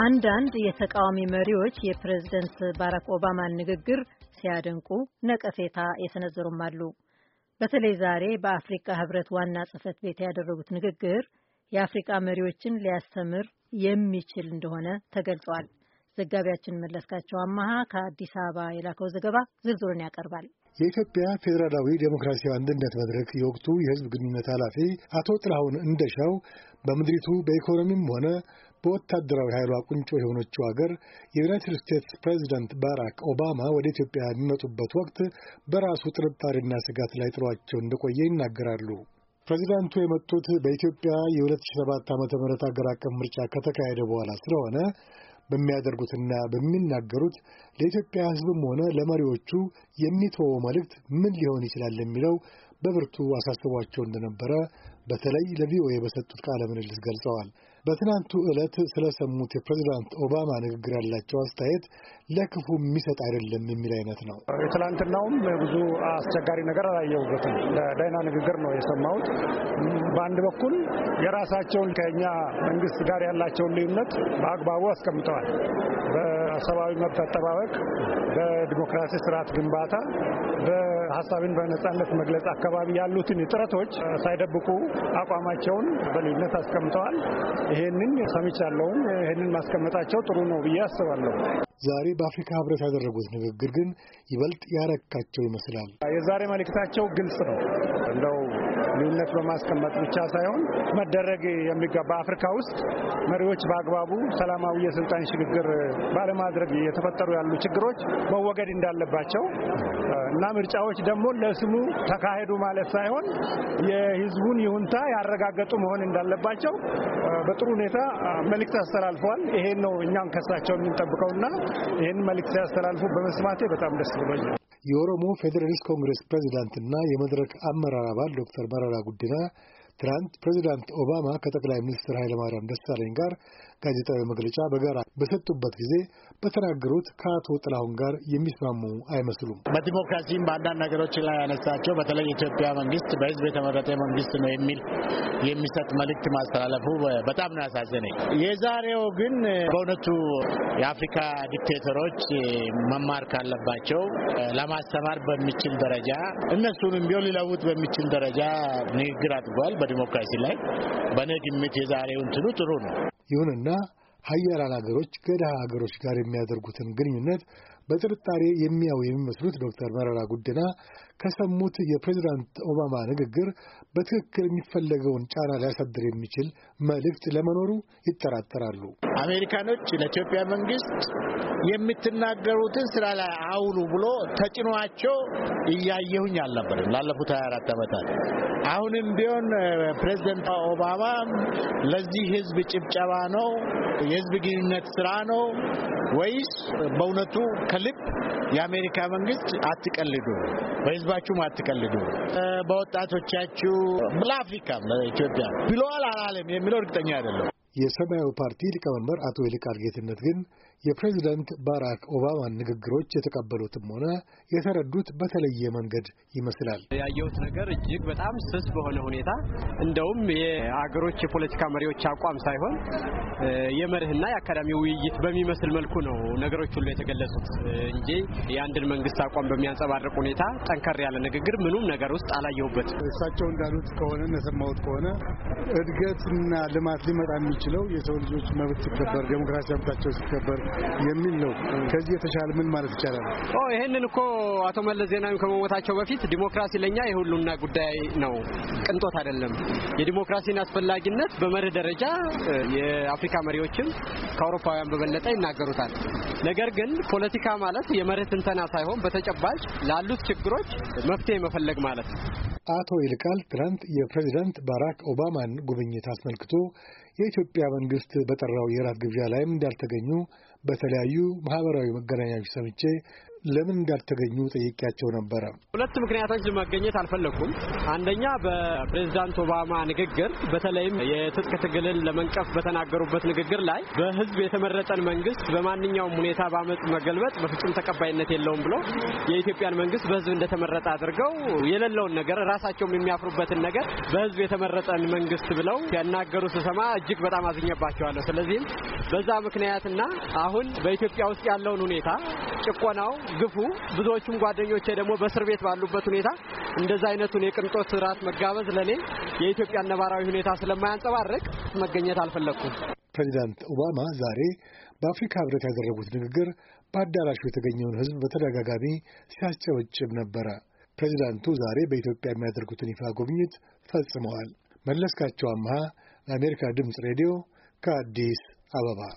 አንዳንድ የተቃዋሚ መሪዎች የፕሬዝደንት ባራክ ኦባማን ንግግር ሲያደንቁ ነቀፌታ የሰነዘሩም አሉ። በተለይ ዛሬ በአፍሪካ ሕብረት ዋና ጽህፈት ቤት ያደረጉት ንግግር የአፍሪካ መሪዎችን ሊያስተምር የሚችል እንደሆነ ተገልጿል። ዘጋቢያችን መለስካቸው አማሃ ከአዲስ አበባ የላከው ዘገባ ዝርዝሩን ያቀርባል። የኢትዮጵያ ፌዴራላዊ ዴሞክራሲያዊ አንድነት መድረክ የወቅቱ የህዝብ ግንኙነት ኃላፊ አቶ ጥላሁን እንደሻው በምድሪቱ በኢኮኖሚም ሆነ በወታደራዊ ኃይሏ ቁንጮ የሆነችው ሀገር የዩናይትድ ስቴትስ ፕሬዚደንት ባራክ ኦባማ ወደ ኢትዮጵያ የሚመጡበት ወቅት በራሱ ጥርጣሬና ስጋት ላይ ጥሏቸው እንደቆየ ይናገራሉ። ፕሬዚዳንቱ የመጡት በኢትዮጵያ የ2007 ዓ ም አገር አቀፍ ምርጫ ከተካሄደ በኋላ ስለሆነ በሚያደርጉትና በሚናገሩት ለኢትዮጵያ ሕዝብም ሆነ ለመሪዎቹ የሚተወው መልእክት ምን ሊሆን ይችላል የሚለው በብርቱ አሳስቧቸው እንደነበረ በተለይ ለቪኦኤ በሰጡት ቃለ ምልልስ ገልጸዋል። በትናንቱ ዕለት ስለሰሙት የፕሬዚዳንት ኦባማ ንግግር ያላቸው አስተያየት ለክፉ የሚሰጥ አይደለም የሚል አይነት ነው። ትላንትናውም ብዙ አስቸጋሪ ነገር አላየሁበትም። ለዳይና ንግግር ነው የሰማሁት። በአንድ በኩል የራሳቸውን ከኛ መንግስት ጋር ያላቸውን ልዩነት በአግባቡ አስቀምጠዋል። በሰብአዊ መብት አጠባበቅ፣ በዲሞክራሲ ስርዓት ግንባታ፣ በሀሳብን በነጻነት መግለጽ አካባቢ ያሉትን ጥረቶች ሳይደብቁ አቋማቸውን በልዩነት አስቀምጠዋል። ይህንን ሰምቻለሁም። ይሄንን ማስቀመጣቸው ጥሩ ነው ብዬ አስባለሁ። ዛሬ በአፍሪካ ህብረት ያደረጉት ንግግር ግን ይበልጥ ያረካቸው ይመስላል። የዛሬ መልእክታቸው ግልጽ ነው። እንደው ልዩነት በማስቀመጥ ብቻ ሳይሆን መደረግ የሚገባ አፍሪካ ውስጥ መሪዎች በአግባቡ ሰላማዊ የስልጣን ሽግግር ባለማድረግ የተፈጠሩ ያሉ ችግሮች መወገድ እንዳለባቸው እና ምርጫዎች ደግሞ ለስሙ ተካሄዱ ማለት ሳይሆን የህዝቡን ይሁንታ ያረጋገጡ መሆን እንዳለባቸው በጥሩ ሁኔታ መልእክት አስተላልፈዋል። ይሄን ነው እኛም ከሳቸው የምንጠብቀውና ይህን መልእክት ሲያስተላልፉ በመስማቴ በጣም ደስ ብሎኛል። የኦሮሞ ፌዴራሊስት ኮንግረስ ፕሬዚዳንትና የመድረክ አመራር አባል ዶክተር መረራ ጉዲና ትናንት ፕሬዚዳንት ኦባማ ከጠቅላይ ሚኒስትር ኃይለማርያም ደሳለኝ ጋር ጋዜጣዊ መግለጫ በጋራ በሰጡበት ጊዜ በተናገሩት ከአቶ ጥላሁን ጋር የሚስማሙ አይመስሉም። በዲሞክራሲም በአንዳንድ ነገሮች ላይ ያነሳቸው በተለይ የኢትዮጵያ መንግስት በህዝብ የተመረጠ መንግስት ነው የሚል የሚሰጥ መልእክት ማስተላለፉ በጣም ነው ያሳዘነኝ። የዛሬው ግን በእውነቱ የአፍሪካ ዲክቴተሮች መማር ካለባቸው ለማስተማር በሚችል ደረጃ እነሱንም ቢሆን ሊለውጥ በሚችል ደረጃ ንግግር አድርጓል በዲሞክራሲ ላይ። በእኔ ግምት የዛሬው እንትኑ ጥሩ ነው። ይሁንና ሀያላን አገሮች ከድሃ አገሮች ጋር የሚያደርጉትን ግንኙነት በጥርጣሬ የሚያው የሚመስሉት ዶክተር መረራ ጉዲና ከሰሙት የፕሬዚዳንት ኦባማ ንግግር በትክክል የሚፈለገውን ጫና ሊያሳድር የሚችል መልእክት ለመኖሩ ይጠራጠራሉ። አሜሪካኖች ለኢትዮጵያ መንግስት የምትናገሩትን ስራ ላይ አውሉ ብሎ ተጭኗቸው እያየሁኝ አልነበርም ላለፉት 24 ዓመታት። አሁንም ቢሆን ፕሬዚደንት ኦባማ ለዚህ ህዝብ ጭብጨባ ነው የህዝብ ግንኙነት ስራ ነው ወይስ በእውነቱ ከልብ የአሜሪካ መንግስት አትቀልዱ፣ በህዝባችሁም አትቀልዱ፣ በወጣቶቻችሁ፣ ለአፍሪካም ለኢትዮጵያ ብለዋል አላለም የሚለው እርግጠኛ አይደለም። የሰማያዊ ፓርቲ ሊቀመንበር አቶ ይልቃል ጌትነት ግን የፕሬዚዳንት ባራክ ኦባማን ንግግሮች የተቀበሉትም ሆነ የተረዱት በተለየ መንገድ ይመስላል። ያየሁት ነገር እጅግ በጣም ስስ በሆነ ሁኔታ እንደውም የአገሮች የፖለቲካ መሪዎች አቋም ሳይሆን የመርህና የአካዳሚ ውይይት በሚመስል መልኩ ነው ነገሮች ሁሉ የተገለጹት እንጂ የአንድን መንግስት አቋም በሚያንጸባርቅ ሁኔታ ጠንከር ያለ ንግግር ምኑም ነገር ውስጥ አላየሁበት። እሳቸው እንዳሉት ከሆነ የሰማሁት ከሆነ እድገትና ልማት ሊመጣ የሚችል የምንችለው የሰው ልጆች መብት ሲከበር፣ ዴሞክራሲ መብታቸው ሲከበር የሚል ነው። ከዚህ የተሻለ ምን ማለት ይቻላል? ይህንን እኮ አቶ መለስ ዜናዊ ከመሞታቸው በፊት ዲሞክራሲ ለእኛ የሁሉና ጉዳይ ነው፣ ቅንጦት አይደለም። የዲሞክራሲን አስፈላጊነት በመርህ ደረጃ የአፍሪካ መሪዎችም ከአውሮፓውያን በበለጠ ይናገሩታል። ነገር ግን ፖለቲካ ማለት የመርህ ትንተና ሳይሆን በተጨባጭ ላሉት ችግሮች መፍትሄ መፈለግ ማለት ነው። አቶ ይልቃል ትናንት የፕሬዚዳንት ባራክ ኦባማን ጉብኝት አስመልክቶ የኢትዮጵያ መንግስት በጠራው የራት ግብዣ ላይም እንዳልተገኙ በተለያዩ ማህበራዊ መገናኛዎች ሰምቼ ለምን እንዳልተገኙ ጠይቄያቸው ነበረ። ሁለት ምክንያቶች መገኘት አልፈለግኩም። አንደኛ በፕሬዚዳንት ኦባማ ንግግር፣ በተለይም የትጥቅ ትግልን ለመንቀፍ በተናገሩበት ንግግር ላይ በህዝብ የተመረጠን መንግስት በማንኛውም ሁኔታ በአመፅ መገልበጥ በፍጹም ተቀባይነት የለውም ብሎ የኢትዮጵያን መንግስት በህዝብ እንደተመረጠ አድርገው የሌለውን ነገር ራሳቸውም የሚያፍሩበትን ነገር በህዝብ የተመረጠን መንግስት ብለው ያናገሩ ስሰማ እጅግ በጣም አዝኜባቸዋለሁ። ስለዚህም በዛ ምክንያትና አሁን በኢትዮጵያ ውስጥ ያለውን ሁኔታ ጭቆናው ግፉ ብዙዎቹም ጓደኞቼ ደግሞ በእስር ቤት ባሉበት ሁኔታ እንደዛ አይነቱን የቅንጦት ራት መጋበዝ ለእኔ የኢትዮጵያ ነባራዊ ሁኔታ ስለማያንጸባርቅ መገኘት አልፈለግኩም። ፕሬዚዳንት ኦባማ ዛሬ በአፍሪካ ህብረት ያደረጉት ንግግር በአዳራሹ የተገኘውን ህዝብ በተደጋጋሚ ሲያስጨበጭብ ነበረ። ፕሬዚዳንቱ ዛሬ በኢትዮጵያ የሚያደርጉትን ይፋ ጉብኝት ፈጽመዋል። መለስካቸው አምሃ ለአሜሪካ ድምፅ ሬዲዮ ከአዲስ አበባ